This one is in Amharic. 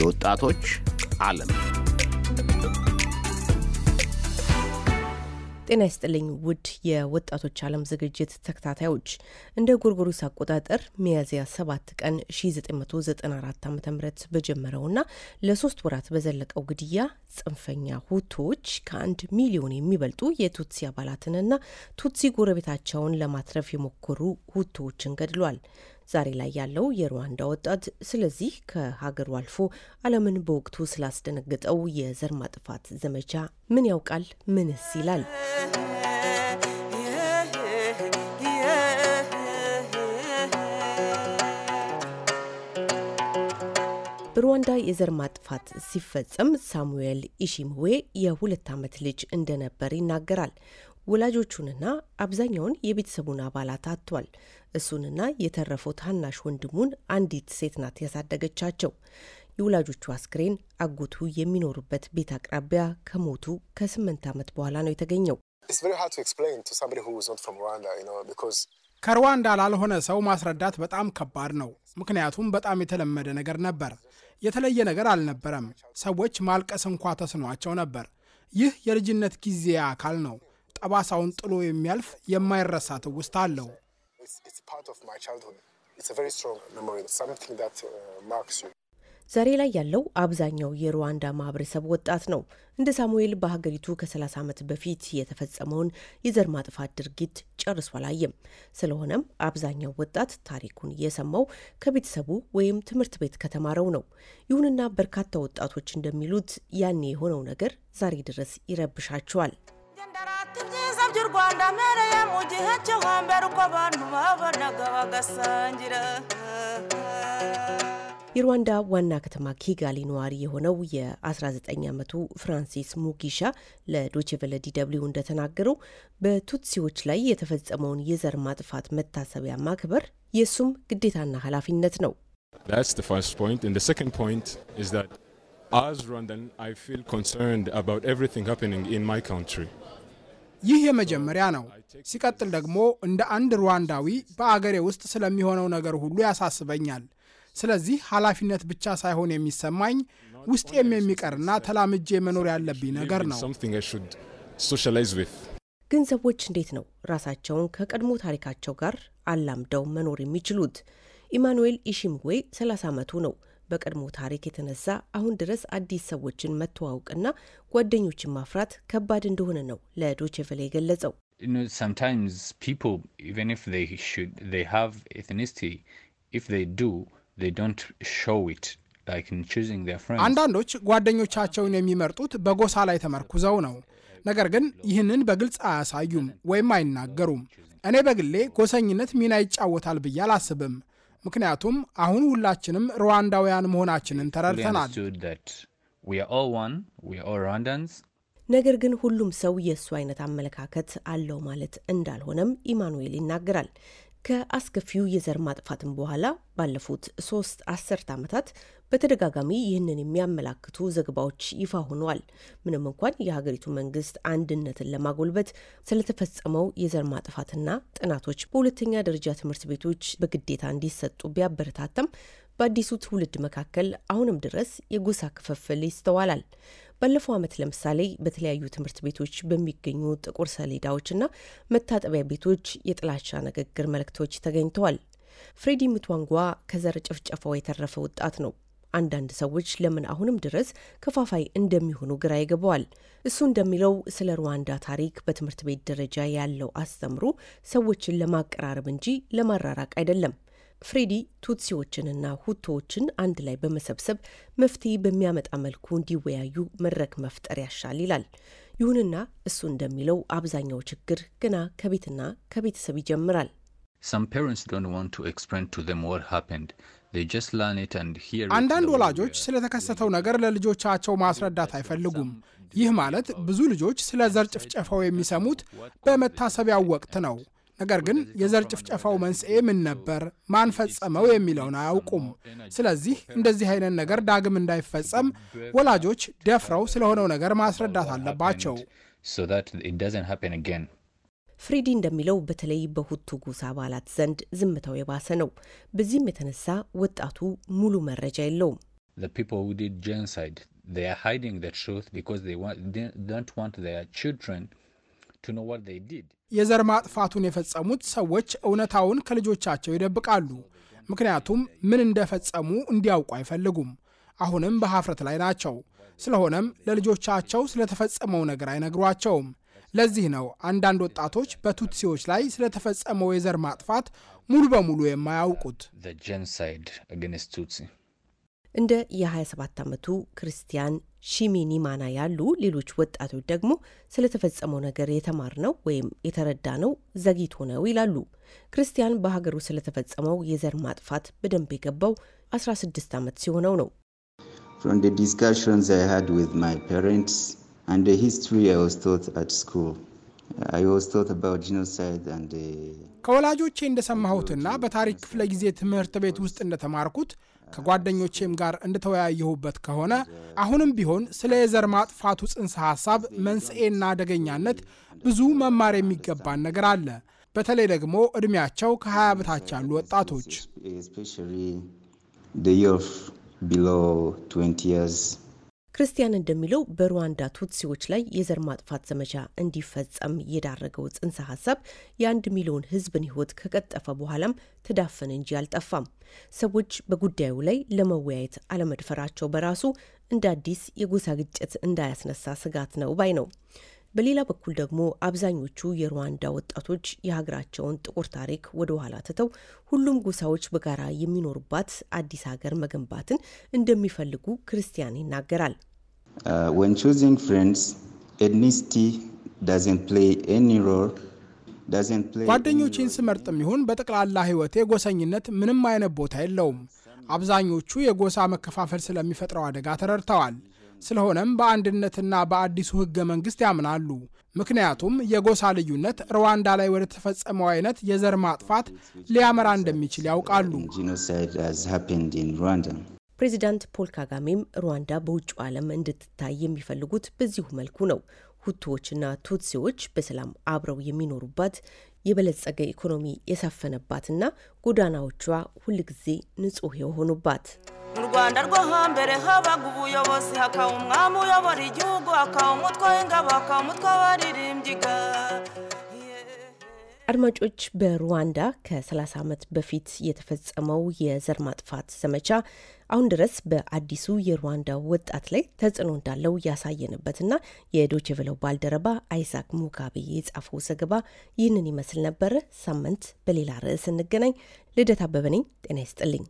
የወጣቶች ዓለም ጤና ይስጥልኝ ውድ የወጣቶች ዓለም ዝግጅት ተከታታዮች፣ እንደ ጎርጎሮስ አቆጣጠር ሚያዝያ 7 ቀን 1994 ዓ ም ና ለሶስት ወራት በዘለቀው ግድያ ጽንፈኛ ሁቶች ከአንድ ሚሊዮን የሚበልጡ የቱትሲ አባላትንና ቱትሲ ጎረቤታቸውን ለማትረፍ የሞከሩ ሁቶዎችን ገድሏል። ዛሬ ላይ ያለው የሩዋንዳ ወጣት ስለዚህ ከሀገሩ አልፎ ዓለምን በወቅቱ ስላስደነገጠው የዘር ማጥፋት ዘመቻ ምን ያውቃል? ምንስ ይላል? በሩዋንዳ የዘር ማጥፋት ሲፈጸም ሳሙኤል ኢሺምዌ የሁለት ዓመት ልጅ እንደነበር ይናገራል። ወላጆቹንና አብዛኛውን የቤተሰቡን አባላት አጥቷል። እሱንና የተረፈው ታናሽ ወንድሙን አንዲት ሴት ናት ያሳደገቻቸው። የወላጆቹ አስክሬን አጎቱ የሚኖሩበት ቤት አቅራቢያ ከሞቱ ከስምንት ዓመት በኋላ ነው የተገኘው። ከሩዋንዳ ላልሆነ ሰው ማስረዳት በጣም ከባድ ነው። ምክንያቱም በጣም የተለመደ ነገር ነበር። የተለየ ነገር አልነበረም። ሰዎች ማልቀስ እንኳ ተስኗቸው ነበር። ይህ የልጅነት ጊዜ አካል ነው። ጠባሳውን ጥሎ የሚያልፍ የማይረሳ ትውስታ አለው። uh, ዛሬ ላይ ያለው አብዛኛው የሩዋንዳ ማህበረሰብ ወጣት ነው። እንደ ሳሙኤል በሀገሪቱ ከ30 ዓመት በፊት የተፈጸመውን የዘር ማጥፋት ድርጊት ጨርሶ አላየም። ስለሆነም አብዛኛው ወጣት ታሪኩን የሰማው ከቤተሰቡ ወይም ትምህርት ቤት ከተማረው ነው። ይሁንና በርካታ ወጣቶች እንደሚሉት ያኔ የሆነው ነገር ዛሬ ድረስ ይረብሻቸዋል። ibyiza የሩዋንዳ ዋና ከተማ ኪጋሊ ነዋሪ የሆነው የ19 ዓመቱ ፍራንሲስ ሙጊሻ ለዶችቨለ ዲብሊው እንደተናገረው በቱትሲዎች ላይ የተፈጸመውን የዘር ማጥፋት መታሰቢያ ማክበር የእሱም ግዴታና ኃላፊነት ነው አዝ ሩዋንዳን ፊል ኮንሰርንድ አባውት ኤቭሪቲንግ ሃፕኒንግ ኢን ማይ ካንትሪ ይህ የመጀመሪያ ነው። ሲቀጥል ደግሞ እንደ አንድ ሩዋንዳዊ በአገሬ ውስጥ ስለሚሆነው ነገር ሁሉ ያሳስበኛል። ስለዚህ ኃላፊነት ብቻ ሳይሆን የሚሰማኝ ውስጤም የሚቀርና ተላምጄ መኖር ያለብኝ ነገር ነው። ገንዘቦች እንዴት ነው ራሳቸውን ከቀድሞ ታሪካቸው ጋር አላምደው መኖር የሚችሉት? ኢማኑኤል ኢሺምዌ 30 ዓመቱ ነው። በቀድሞ ታሪክ የተነሳ አሁን ድረስ አዲስ ሰዎችን መተዋወቅና ጓደኞችን ማፍራት ከባድ እንደሆነ ነው ለዶችቨለ የገለጸው። አንዳንዶች ጓደኞቻቸውን የሚመርጡት በጎሳ ላይ ተመርኩዘው ነው። ነገር ግን ይህንን በግልጽ አያሳዩም ወይም አይናገሩም። እኔ በግሌ ጎሰኝነት ሚና ይጫወታል ብዬ አላስብም። ምክንያቱም አሁን ሁላችንም ሩዋንዳውያን መሆናችንን ተረድተናል። ነገር ግን ሁሉም ሰው የእሱ አይነት አመለካከት አለው ማለት እንዳልሆነም ኢማኑኤል ይናገራል። ከአስከፊው የዘር ማጥፋትም በኋላ ባለፉት ሶስት አስርት ዓመታት በተደጋጋሚ ይህንን የሚያመላክቱ ዘገባዎች ይፋ ሆነዋል። ምንም እንኳን የሀገሪቱ መንግስት አንድነትን ለማጎልበት ስለተፈጸመው የዘር ማጥፋትና ጥናቶች በሁለተኛ ደረጃ ትምህርት ቤቶች በግዴታ እንዲሰጡ ቢያበረታታም በአዲሱ ትውልድ መካከል አሁንም ድረስ የጎሳ ክፍፍል ይስተዋላል። ባለፈው ዓመት ለምሳሌ በተለያዩ ትምህርት ቤቶች በሚገኙ ጥቁር ሰሌዳዎችና መታጠቢያ ቤቶች የጥላቻ ንግግር መልእክቶች ተገኝተዋል። ፍሬዲ ምትዋንጓ ከዘር ጭፍጨፋው የተረፈ ወጣት ነው። አንዳንድ ሰዎች ለምን አሁንም ድረስ ከፋፋይ እንደሚሆኑ ግራ ይገባዋል። እሱ እንደሚለው ስለ ሩዋንዳ ታሪክ በትምህርት ቤት ደረጃ ያለው አስተምሮ ሰዎችን ለማቀራረብ እንጂ ለማራራቅ አይደለም። ፍሬዲ ቱትሲዎችንና ሁቶዎችን አንድ ላይ በመሰብሰብ መፍትሄ በሚያመጣ መልኩ እንዲወያዩ መድረክ መፍጠር ያሻል ይላል። ይሁንና እሱ እንደሚለው አብዛኛው ችግር ገና ከቤትና ከቤተሰብ ይጀምራል። አንዳንድ ወላጆች ስለተከሰተው ነገር ለልጆቻቸው ማስረዳት አይፈልጉም። ይህ ማለት ብዙ ልጆች ስለ ዘር ጭፍጨፋው የሚሰሙት በመታሰቢያው ወቅት ነው። ነገር ግን የዘር ጭፍጨፋው መንስኤ ምን ነበር፣ ማን ፈጸመው የሚለውን አያውቁም። ስለዚህ እንደዚህ አይነት ነገር ዳግም እንዳይፈጸም ወላጆች ደፍረው ስለሆነው ነገር ማስረዳት አለባቸው። ፍሪዲ እንደሚለው በተለይ በሁቱ ጎሳ አባላት ዘንድ ዝምታው የባሰ ነው። በዚህም የተነሳ ወጣቱ ሙሉ መረጃ የለውም። የዘር ማጥፋቱን የፈጸሙት ሰዎች እውነታውን ከልጆቻቸው ይደብቃሉ። ምክንያቱም ምን እንደፈጸሙ እንዲያውቁ አይፈልጉም። አሁንም በሀፍረት ላይ ናቸው። ስለሆነም ለልጆቻቸው ስለተፈጸመው ነገር አይነግሯቸውም። ለዚህ ነው አንዳንድ ወጣቶች በቱትሲዎች ላይ ስለተፈጸመው የዘር ማጥፋት ሙሉ በሙሉ የማያውቁት። እንደ የ27 ዓመቱ ክርስቲያን ሺሚኒማና ያሉ ሌሎች ወጣቶች ደግሞ ስለተፈጸመው ነገር ነው ወይም የተረዳ ነው ዘግይቶ ነው ይላሉ። ክርስቲያን በሀገሩ ስለተፈጸመው የዘር ማጥፋት በደንብ የገባው 16 ዓመት ሲሆነው ነው። From the discussions I had with my parents and the history I was taught at school. Uh, ከወላጆቼ እንደሰማሁትና በታሪክ ክፍለ ጊዜ ትምህርት ቤት ውስጥ እንደተማርኩት ከጓደኞቼም ጋር እንደተወያየሁበት ከሆነ አሁንም ቢሆን ስለ የዘር ማጥፋቱ ጽንሰ ሐሳብ መንስኤና አደገኛነት ብዙ መማር የሚገባን ነገር አለ። በተለይ ደግሞ ዕድሜያቸው ከ20 በታች ያሉ ወጣቶች ክርስቲያን እንደሚለው በሩዋንዳ ቱትሲዎች ላይ የዘር ማጥፋት ዘመቻ እንዲፈጸም የዳረገው ጽንሰ ሀሳብ የአንድ ሚሊዮን ህዝብን ህይወት ከቀጠፈ በኋላም ተዳፈን እንጂ አልጠፋም። ሰዎች በጉዳዩ ላይ ለመወያየት አለመድፈራቸው በራሱ እንደ አዲስ የጎሳ ግጭት እንዳያስነሳ ስጋት ነው ባይ ነው። በሌላ በኩል ደግሞ አብዛኞቹ የሩዋንዳ ወጣቶች የሀገራቸውን ጥቁር ታሪክ ወደ ኋላ ትተው ሁሉም ጎሳዎች በጋራ የሚኖሩባት አዲስ ሀገር መገንባትን እንደሚፈልጉ ክርስቲያን ይናገራል። uh, ጓደኞቼን ስመርጥ የሚሆን በጠቅላላ ሕይወቴ ጎሰኝነት ምንም አይነት ቦታ የለውም። አብዛኞቹ የጎሳ መከፋፈል ስለሚፈጥረው አደጋ ተረድተዋል። ስለሆነም በአንድነትና በአዲሱ ህገ መንግስት ያምናሉ። ምክንያቱም የጎሳ ልዩነት ሩዋንዳ ላይ ወደ ተፈጸመው አይነት የዘር ማጥፋት ሊያመራ እንደሚችል ያውቃሉ። ፕሬዚዳንት ፖል ካጋሜም ሩዋንዳ በውጭ ዓለም እንድትታይ የሚፈልጉት በዚሁ መልኩ ነው። ሁቶዎችና ቱትሲዎች በሰላም አብረው የሚኖሩባት የበለጸገ ኢኮኖሚ የሰፈነባትና ጎዳናዎቿ ሁልጊዜ ንጹህ የሆኑባት rwanda rwo hambere habaga ubuyobozi hakaba umwami uyobora igihugu hakaba umutwe w'ingabo hakaba umutwe w'abaririmbyiga አድማጮች በሩዋንዳ ከ30 ዓመት በፊት የተፈጸመው የዘር ማጥፋት ዘመቻ አሁን ድረስ በአዲሱ የሩዋንዳ ወጣት ላይ ተጽዕኖ እንዳለው ያሳየንበትና የዶቼ ቬለው ባልደረባ አይዛክ ሙጋቤ የጻፈው ዘገባ ይህንን ይመስል ነበር። ሳምንት በሌላ ርዕስ እንገናኝ። ልደት አበበነኝ ጤና ይስጥልኝ።